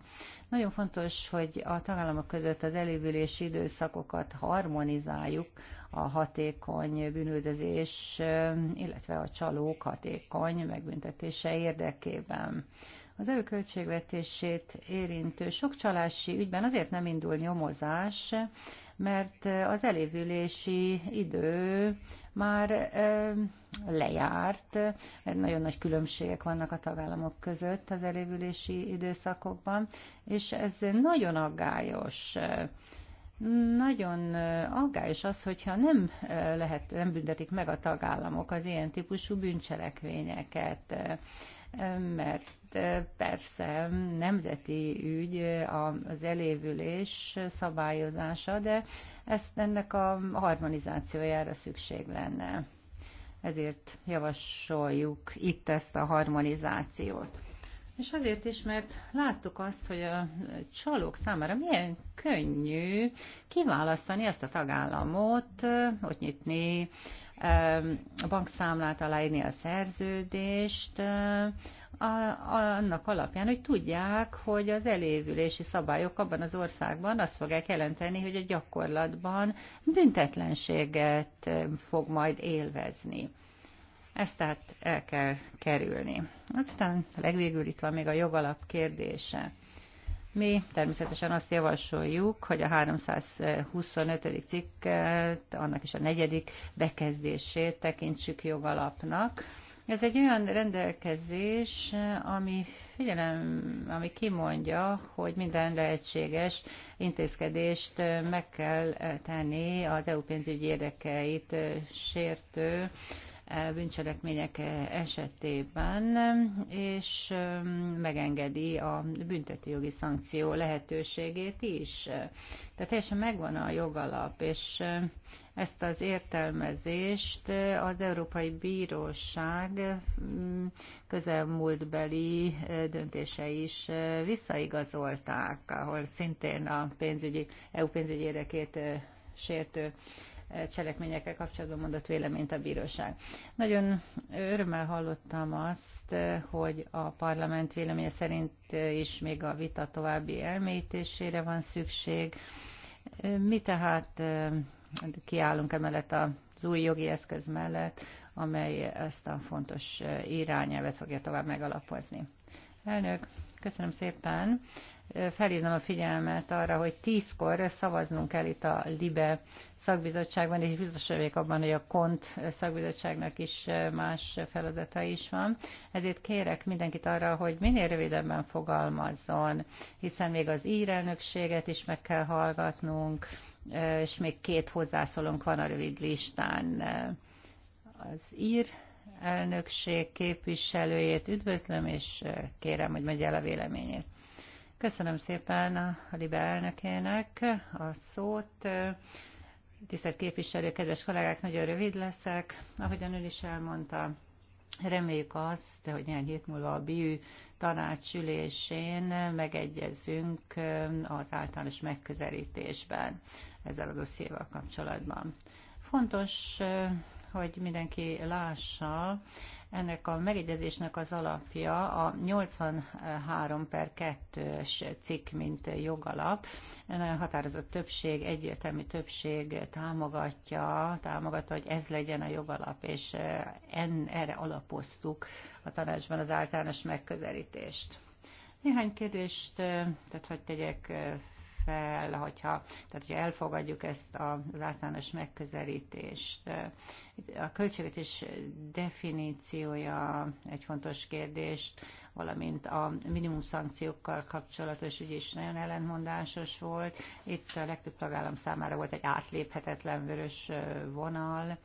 Nagyon fontos, hogy a tagállamok között az elévülési időszakokat harmonizáljuk a hatékony bűnüldözés, illetve a csalók hatékony megbüntetése érdekében. Az előköltségvetését költségvetését érintő sok csalási ügyben azért nem indul nyomozás, mert az elévülési idő már lejárt, mert nagyon nagy különbségek vannak a tagállamok között az elévülési időszakokban, és ez nagyon aggályos. Nagyon aggályos az, hogyha nem, lehet, nem büntetik meg a tagállamok az ilyen típusú bűncselekvényeket mert eh, persze nemzeti ügy eh, az elévülés szabályozása, de ezt ennek a harmonizációjára szükség lenne. Ezért javasoljuk itt ezt a harmonizációt. És azért is, mert láttuk azt, hogy a csalók számára milyen könnyű kiválasztani azt a tagállamot, eh, ott nyitni a bankszámlát aláírni a szerződést, annak alapján, hogy tudják, hogy az elévülési szabályok abban az országban azt fogják jelenteni, hogy a gyakorlatban büntetlenséget fog majd élvezni. Ezt tehát el kell kerülni. Aztán legvégül itt van még a jogalap kérdése. Mi természetesen azt javasoljuk, hogy a 325. cikket, annak is a negyedik bekezdését tekintsük jogalapnak. Ez egy olyan rendelkezés, ami figyelem, ami kimondja, hogy minden lehetséges intézkedést meg kell tenni az EU pénzügyi érdekeit sértő bűncselekmények eh, esetében, és eh, megengedi a jogi szankció lehetőségét is. Tehát teljesen megvan a jogalap, és eh, ezt az értelmezést az Európai Bíróság mm, közelmúltbeli döntése is visszaigazolták, ahol szintén a pénzügyi, EU pénzügyi érdekét sértő cselekményekkel kapcsolatban mondott véleményt a bíróság. Nagyon örömmel hallottam azt, hogy a parlament véleménye szerint is még a vita további elmélyítésére van szükség. Mi tehát eh, kiállunk emellett az új jogi eszköz mellett, amely ezt a fontos irányelvet fogja tovább megalapozni. Elnök, köszönöm szépen. Felhívnám a figyelmet arra, hogy tízkor szavaznunk kell itt a LIBE szakbizottságban, és biztos vagyok abban, hogy a KONT szakbizottságnak is más feladata is van. Ezért kérek mindenkit arra, hogy minél rövidebben fogalmazzon, hiszen még az írelnökséget is meg kell hallgatnunk, és még két hozzászólónk van a rövid listán. Az ír elnökség képviselőjét üdvözlöm, és kérem, hogy mondja el a véleményét. Köszönöm szépen a Libe elnökének a szót. Tisztelt képviselő, kedves kollégák, nagyon rövid leszek. Ahogyan ön is elmondta, reméljük azt, hogy néhány hét múlva a BIU tanácsülésén megegyezünk az általános megközelítésben ezzel a dossziéval kapcsolatban. Fontos hogy mindenki lássa, ennek a megegyezésnek az alapja a 83 per 2-es cikk, mint jogalap. Nagyon határozott többség, egyértelmű többség támogatja, támogatta, hogy ez legyen a jogalap, és en, erre alapoztuk a tanácsban az általános megközelítést. Néhány kérdést, tehát hogy tegyek fel, hogyha, tehát hogyha elfogadjuk ezt az általános megközelítést. A költségvetés definíciója egy fontos kérdést, valamint a minimum szankciókkal kapcsolatos ügy is nagyon ellentmondásos volt. Itt a legtöbb tagállam számára volt egy átléphetetlen vörös vonal,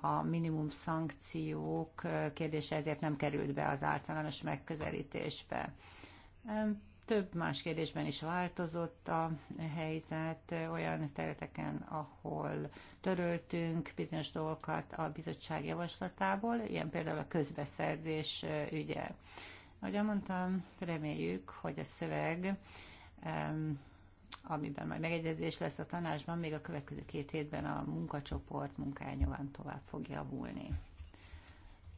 a minimum szankciók kérdése ezért nem került be az általános megközelítésbe. Több más kérdésben is változott a helyzet olyan területeken, ahol töröltünk bizonyos dolgokat a bizottság javaslatából, ilyen például a közbeszerzés ügye. Ahogy mondtam, reméljük, hogy a szöveg amiben majd megegyezés lesz a tanácsban, még a következő két hétben a munkacsoport munkája nyilván tovább fog javulni.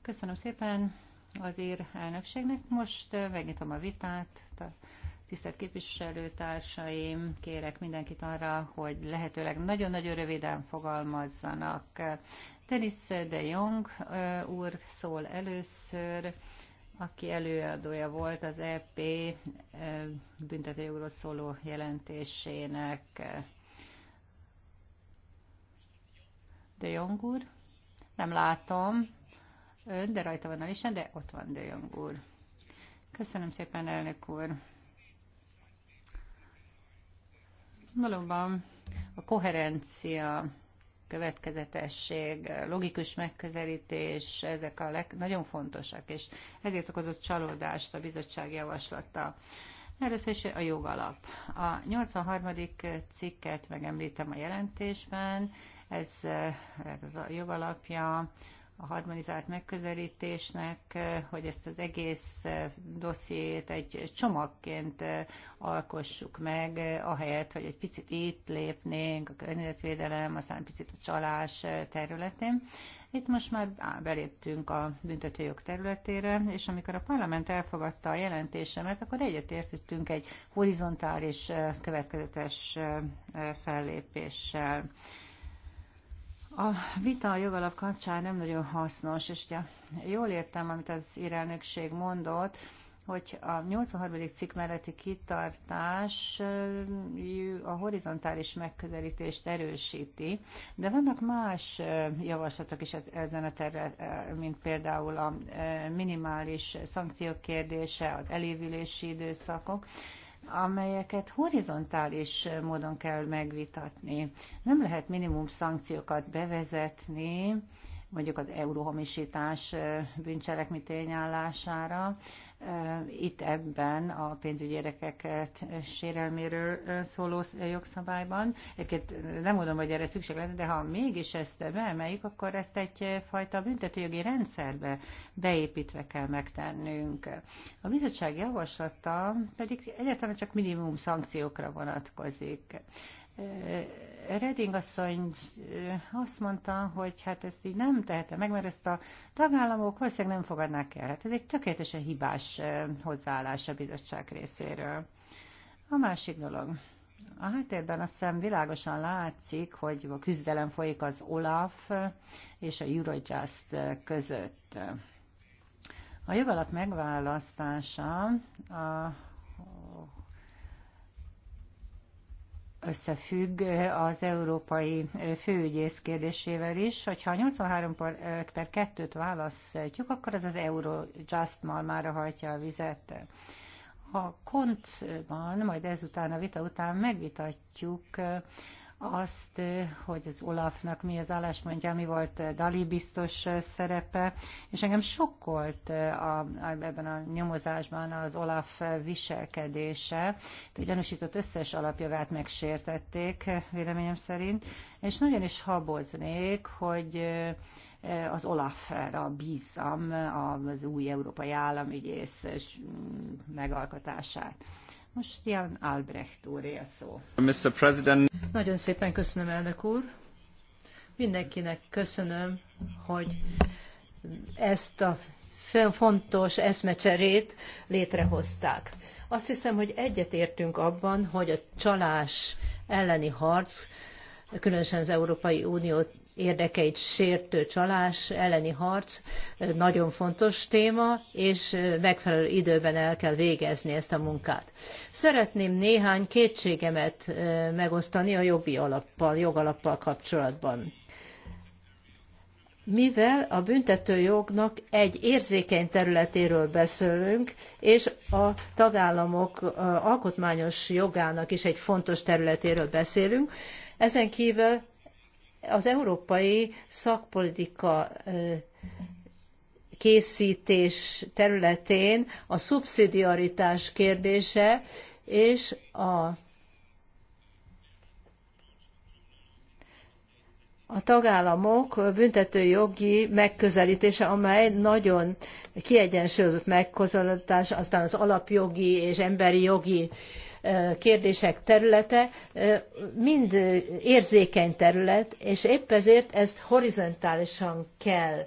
Köszönöm szépen, az ír elnökségnek. Most megnyitom a vitát. Tisztelt képviselőtársaim, kérek mindenkit arra, hogy lehetőleg nagyon-nagyon röviden fogalmazzanak. Tenis de Jong úr szól először, aki előadója volt az EP büntetőjogról szóló jelentésének. De Jong úr? Nem látom ön, de rajta van a listán, de ott van De Jong úr. Köszönöm szépen, elnök úr. Valóban a koherencia, következetesség, logikus megközelítés, ezek a leg, nagyon fontosak, és ezért okozott csalódást a bizottság javaslata. Először is a jogalap. A 83. cikket megemlítem a jelentésben, ez, ez az a jogalapja a harmonizált megközelítésnek, eh, hogy ezt az egész eh, dossziét egy csomagként eh, alkossuk meg, ahelyett, hogy egy picit itt lépnénk, a környezetvédelem, aztán picit a csalás területén. Itt most már beléptünk a büntetőjog területére, és amikor a parlament elfogadta a jelentésemet, akkor egyetértettünk egy horizontális, következetes fellépéssel. A vita a jogalap kapcsán nem nagyon hasznos, és ugye jól értem, amit az írelnökség mondott, hogy a 83. cikk melletti kitartás a horizontális megközelítést erősíti, de vannak más javaslatok is e- ezen a terület, e, mint például a minimális szankciók kérdése, az elévülési időszakok, amelyeket horizontális módon kell megvitatni. Nem lehet minimum szankciókat bevezetni, mondjuk az euróhamisítás bűncselekmi tényállására, itt ebben a pénzügyi érdekeket sérelméről szóló jogszabályban. Egyébként nem mondom, hogy erre szükség lenne, de ha mégis ezt beemeljük, akkor ezt egyfajta büntetőjogi rendszerbe beépítve kell megtennünk. A bizottság javaslata pedig egyáltalán csak minimum szankciókra vonatkozik Reding asszony azt mondta, hogy hát ezt így nem tehette meg, mert ezt a tagállamok valószínűleg nem fogadnák el. Hát ez egy tökéletesen hibás hozzáállás a bizottság részéről. A másik dolog. A háttérben azt hiszem világosan látszik, hogy a küzdelem folyik az OLAF és a Eurojust között. A jogalap megválasztása a összefügg eh, az európai eh, főügyész kérdésével is. Hogyha 83 per 2-t eh, választjuk, akkor az az Just malmára hajtja a vizet. A kontban, majd ezután a vita után megvitatjuk azt, hogy az Olafnak mi az álláspontja, mi volt Dali biztos szerepe, és engem sokkolt a, a, ebben a nyomozásban az Olaf viselkedése. de gyanúsított összes alapjogát megsértették, véleményem szerint, és nagyon is haboznék, hogy az Olafra bízzam az új európai államügyész megalkotását. Most Jan Albrecht úr él szó. Mr. President. Nagyon szépen köszönöm, elnök úr. Mindenkinek köszönöm, hogy ezt a fontos eszmecserét létrehozták. Azt hiszem, hogy egyetértünk abban, hogy a csalás elleni harc, különösen az Európai Unió érdekeit sértő csalás elleni harc nagyon fontos téma, és megfelelő időben el kell végezni ezt a munkát. Szeretném néhány kétségemet megosztani a jogi alappal, jogalappal kapcsolatban. Mivel a büntetőjognak egy érzékeny területéről beszélünk, és a tagállamok alkotmányos jogának is egy fontos területéről beszélünk, ezen kívül az európai szakpolitika készítés területén a szubszidiaritás kérdése és a a tagállamok büntetőjogi megközelítése, amely nagyon kiegyensúlyozott megközelítés, aztán az alapjogi és emberi jogi kérdések területe mind érzékeny terület, és épp ezért ezt horizontálisan kell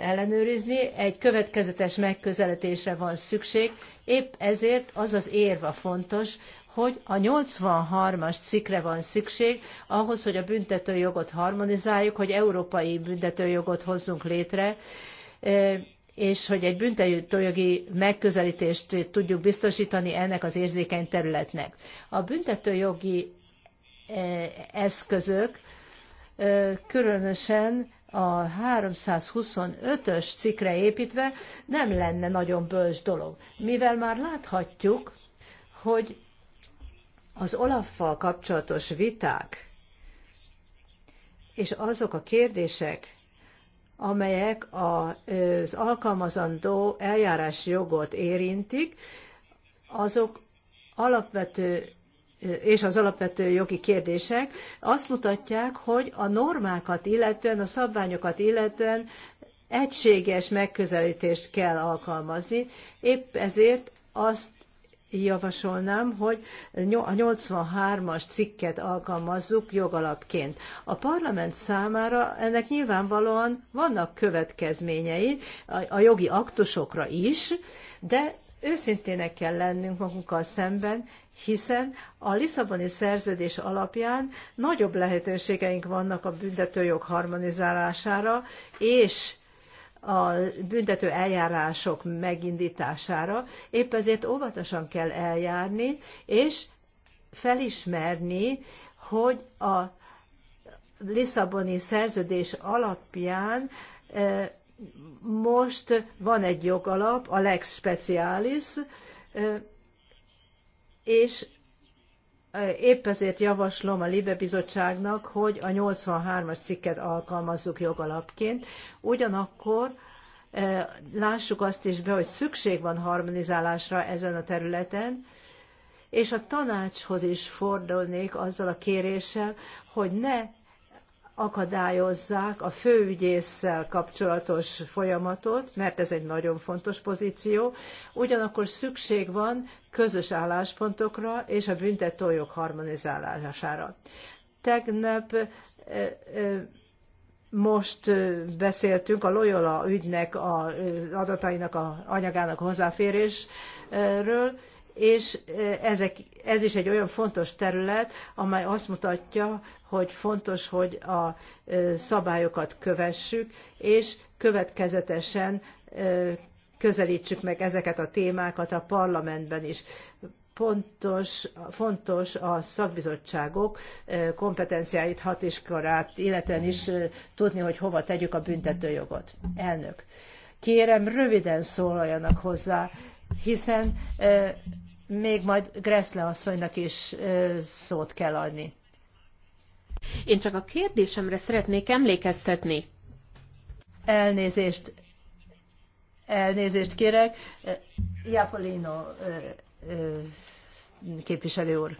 ellenőrizni, egy következetes megközelítésre van szükség, épp ezért az az érva fontos, hogy a 83-as cikkre van szükség ahhoz, hogy a büntetőjogot harmonizáljuk, hogy európai büntetőjogot hozzunk létre, és hogy egy büntetőjogi megközelítést tudjuk biztosítani ennek az érzékeny területnek. A büntetőjogi eh, eszközök eh, különösen a 325-ös cikre építve nem lenne nagyon bölcs dolog, mivel már láthatjuk, hogy az Olaffal kapcsolatos viták és azok a kérdések, amelyek az alkalmazandó jogot érintik, azok alapvető és az alapvető jogi kérdések azt mutatják, hogy a normákat illetően, a szabványokat illetően egységes megközelítést kell alkalmazni. Épp ezért azt javasolnám, hogy a 83-as cikket alkalmazzuk jogalapként. A parlament számára ennek nyilvánvalóan vannak következményei a jogi aktusokra is, de őszintének kell lennünk magunkkal szemben, hiszen a Lisszaboni szerződés alapján nagyobb lehetőségeink vannak a büntetőjog harmonizálására, és a büntető eljárások megindítására. Épp ezért óvatosan kell eljárni, és felismerni, hogy a Lisszaboni szerződés alapján e, most van egy jogalap, a lex specialis, e, és Épp ezért javaslom a Libe Bizottságnak, hogy a 83-as cikket alkalmazzuk jogalapként. Ugyanakkor e, lássuk azt is be, hogy szükség van harmonizálásra ezen a területen, és a tanácshoz is fordulnék azzal a kéréssel, hogy ne akadályozzák a főügyésszel kapcsolatos folyamatot, mert ez egy nagyon fontos pozíció. Ugyanakkor szükség van közös álláspontokra és a büntetőjog harmonizálására. Tegnap eh, eh, most eh, beszéltünk a Loyola ügynek, a adatainak, a anyagának hozzáférésről, és ezek, ez is egy olyan fontos terület, amely azt mutatja, hogy fontos, hogy a szabályokat kövessük, és következetesen közelítsük meg ezeket a témákat a parlamentben is. Pontos, fontos a szakbizottságok kompetenciáit, hatiskorát, illetően is tudni, hogy hova tegyük a büntetőjogot. Elnök, kérem röviden szólaljanak hozzá, hiszen még majd Gressle asszonynak is szót kell adni. Én csak a kérdésemre szeretnék emlékeztetni. Elnézést, elnézést kérek. Iapolino képviselő úr.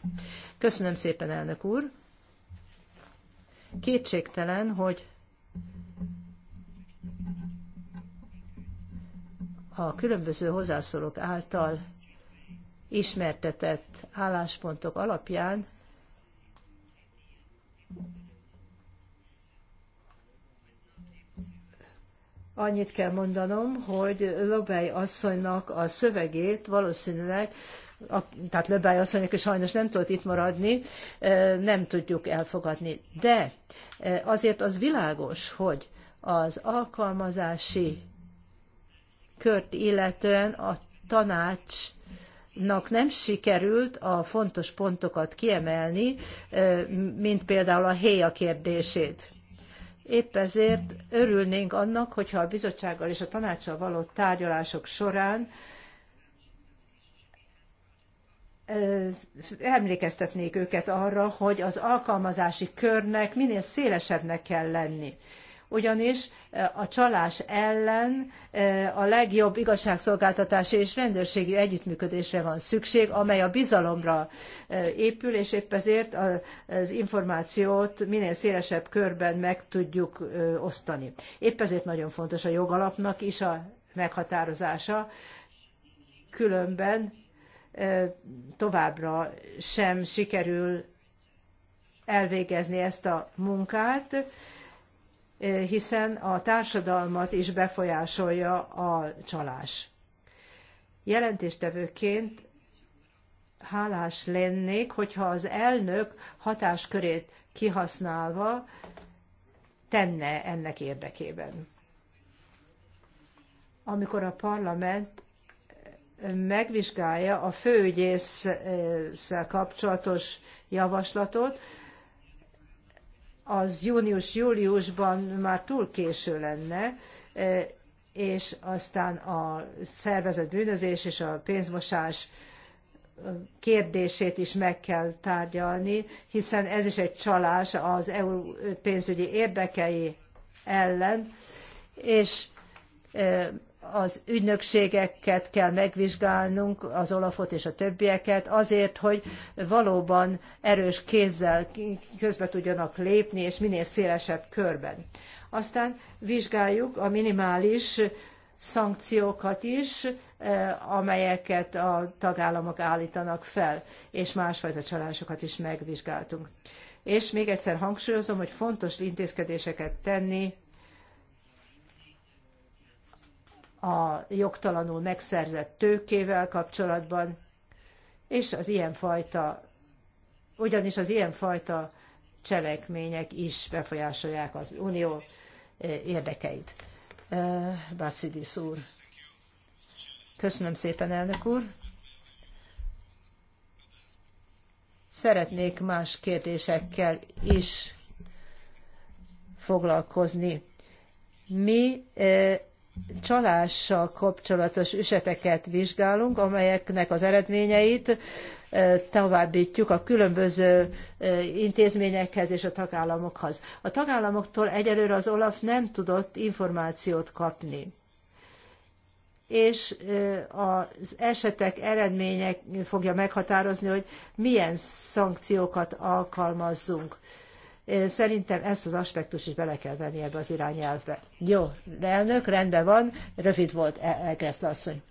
Köszönöm szépen, elnök úr. Kétségtelen, hogy a különböző hozzászólók által ismertetett álláspontok alapján annyit kell mondanom, hogy Lobely asszonynak a szövegét valószínűleg, a, tehát Lobely asszony, aki sajnos nem tudott itt maradni, nem tudjuk elfogadni. De azért az világos, hogy az alkalmazási kört illetően a tanács nem sikerült a fontos pontokat kiemelni, mint például a héja kérdését. Épp ezért örülnénk annak, hogyha a bizottsággal és a tanácssal való tárgyalások során emlékeztetnék őket arra, hogy az alkalmazási körnek minél szélesebbnek kell lenni ugyanis eh, a csalás ellen eh, a legjobb igazságszolgáltatási és rendőrségi együttműködésre van szükség, amely a bizalomra eh, épül, és épp ezért az információt minél szélesebb körben meg tudjuk osztani. Épp ezért nagyon fontos a jogalapnak is a meghatározása, különben továbbra sem sikerül elvégezni ezt a munkát, hiszen a társadalmat is befolyásolja a csalás. Jelentéstevőként hálás lennék, hogyha az elnök hatáskörét kihasználva tenne ennek érdekében. Amikor a parlament megvizsgálja a főügyészsel kapcsolatos javaslatot, az június-júliusban már túl késő lenne, e, és aztán a szervezett bűnözés és a pénzmosás kérdését is meg kell tárgyalni, hiszen ez is egy csalás az EU pénzügyi érdekei ellen, és e, az ügynökségeket kell megvizsgálnunk, az Olafot és a többieket, azért, hogy valóban erős kézzel közbe tudjanak lépni, és minél szélesebb körben. Aztán vizsgáljuk a minimális szankciókat is, eh, amelyeket a tagállamok állítanak fel, és másfajta csalásokat is megvizsgáltunk. És még egyszer hangsúlyozom, hogy fontos intézkedéseket tenni a jogtalanul megszerzett tőkével kapcsolatban, és az ilyenfajta, ugyanis az ilyenfajta cselekmények is befolyásolják az unió eh, érdekeit. Eh, Bassidis úr. Köszönöm szépen, elnök úr. Szeretnék más kérdésekkel is foglalkozni. Mi eh, csalással kapcsolatos üseteket vizsgálunk, amelyeknek az eredményeit továbbítjuk a különböző intézményekhez és a tagállamokhoz. A tagállamoktól egyelőre az OLAF nem tudott információt kapni és az esetek eredmények fogja meghatározni, hogy milyen szankciókat alkalmazzunk. Szerintem ezt az aspektust is bele kell venni ebbe az irányelvbe. Jó, de elnök, rendben van, rövid volt e- Elkreszle asszony.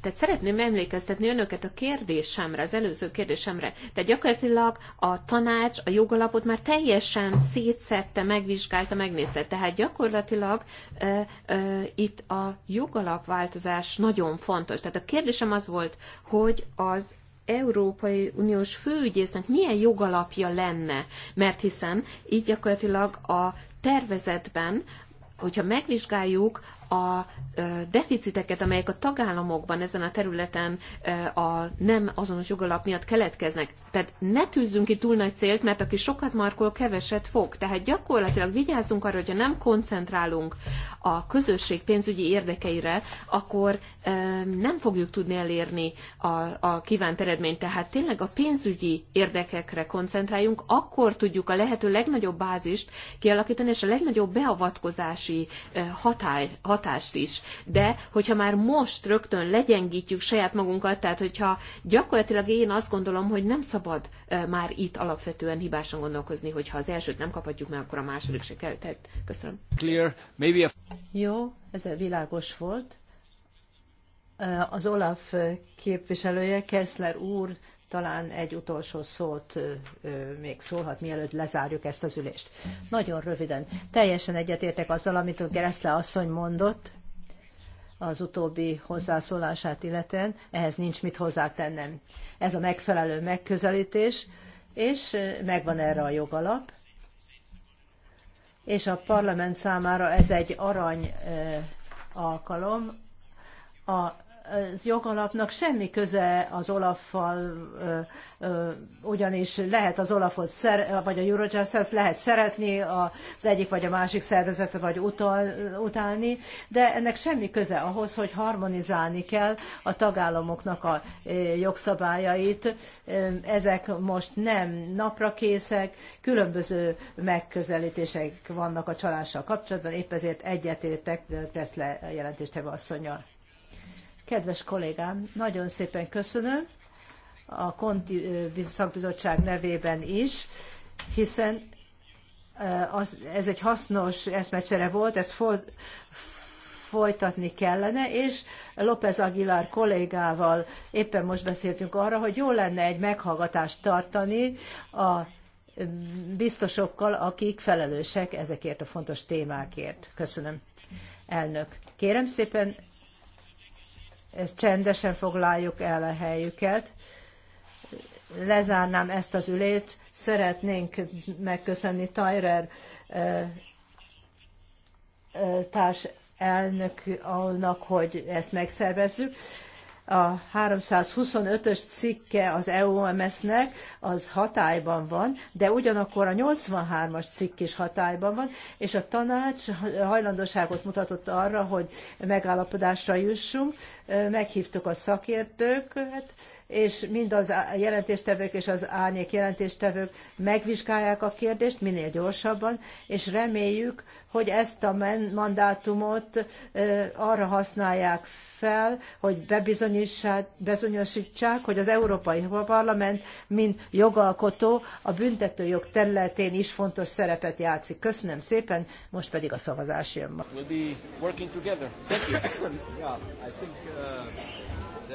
Tehát szeretném emlékeztetni önöket a kérdésemre, az előző kérdésemre. Tehát gyakorlatilag a tanács a jogalapot már teljesen szétszette, megvizsgálta, megnézte. Tehát gyakorlatilag e, e, itt a jogalapváltozás nagyon fontos. Tehát a kérdésem az volt, hogy az Európai Uniós főügyésznek milyen jogalapja lenne, mert hiszen így gyakorlatilag a tervezetben hogyha megvizsgáljuk a deficiteket, amelyek a tagállamokban ezen a területen a nem azonos jogalap miatt keletkeznek. Tehát ne tűzzünk ki túl nagy célt, mert aki sokat markol, keveset fog. Tehát gyakorlatilag vigyázzunk arra, hogyha nem koncentrálunk a közösség pénzügyi érdekeire, akkor nem fogjuk tudni elérni a, a kívánt eredményt. Tehát tényleg a pénzügyi érdekekre koncentráljunk, akkor tudjuk a lehető legnagyobb bázist kialakítani, és a legnagyobb beavatkozási hatály, hatály hatást is. De hogyha már most rögtön legyengítjük saját magunkat, tehát hogyha gyakorlatilag én azt gondolom, hogy nem szabad már itt alapvetően hibásan gondolkozni, hogyha az elsőt nem kaphatjuk meg, akkor a második se kell. Tehát köszönöm. Clear. Maybe a... Jó, ez világos volt. Az Olaf képviselője, Kessler úr talán egy utolsó szót még szólhat, mielőtt lezárjuk ezt az ülést. Nagyon röviden. Teljesen egyetértek azzal, amit a Gereszle asszony mondott, az utóbbi hozzászólását illetően, ehhez nincs mit hozzátennem. Ez a megfelelő megközelítés, és megvan erre a jogalap, és a parlament számára ez egy arany alkalom, a jogalapnak semmi köze az Olaffal, ugyanis lehet az Olafot, vagy a Eurojust-hez lehet szeretni az egyik vagy a másik szervezetet, vagy utal, utálni, de ennek semmi köze ahhoz, hogy harmonizálni kell a tagállamoknak a jogszabályait. Ezek most nem naprakészek, különböző megközelítések vannak a csalással kapcsolatban, épp ezért egyetértek Kressle jelentéstevő asszonyjal. Kedves kollégám, nagyon szépen köszönöm a Konti Szakbizottság nevében is, hiszen ez egy hasznos eszmecsere volt, ezt folytatni kellene, és López Aguilar kollégával éppen most beszéltünk arra, hogy jó lenne egy meghallgatást tartani a biztosokkal, akik felelősek ezekért a fontos témákért. Köszönöm, elnök. Kérem szépen, csendesen foglaljuk el a helyüket. Lezárnám ezt az ülést. Szeretnénk megköszönni Tajrer társ elnök annak, hogy ezt megszervezzük a 325-ös cikke az EOMS-nek az hatályban van, de ugyanakkor a 83-as cikk is hatályban van, és a tanács hajlandóságot mutatott arra, hogy megállapodásra jussunk. Meghívtuk a szakértőket, és mind az jelentéstevők és az árnyék jelentéstevők megvizsgálják a kérdést minél gyorsabban, és reméljük, hogy ezt a mandátumot arra használják fel, hogy bebizonyosítsák, hogy az Európai Parlament, mint jogalkotó, a büntetőjog területén is fontos szerepet játszik. Köszönöm szépen, most pedig a szavazás jön ma. We'll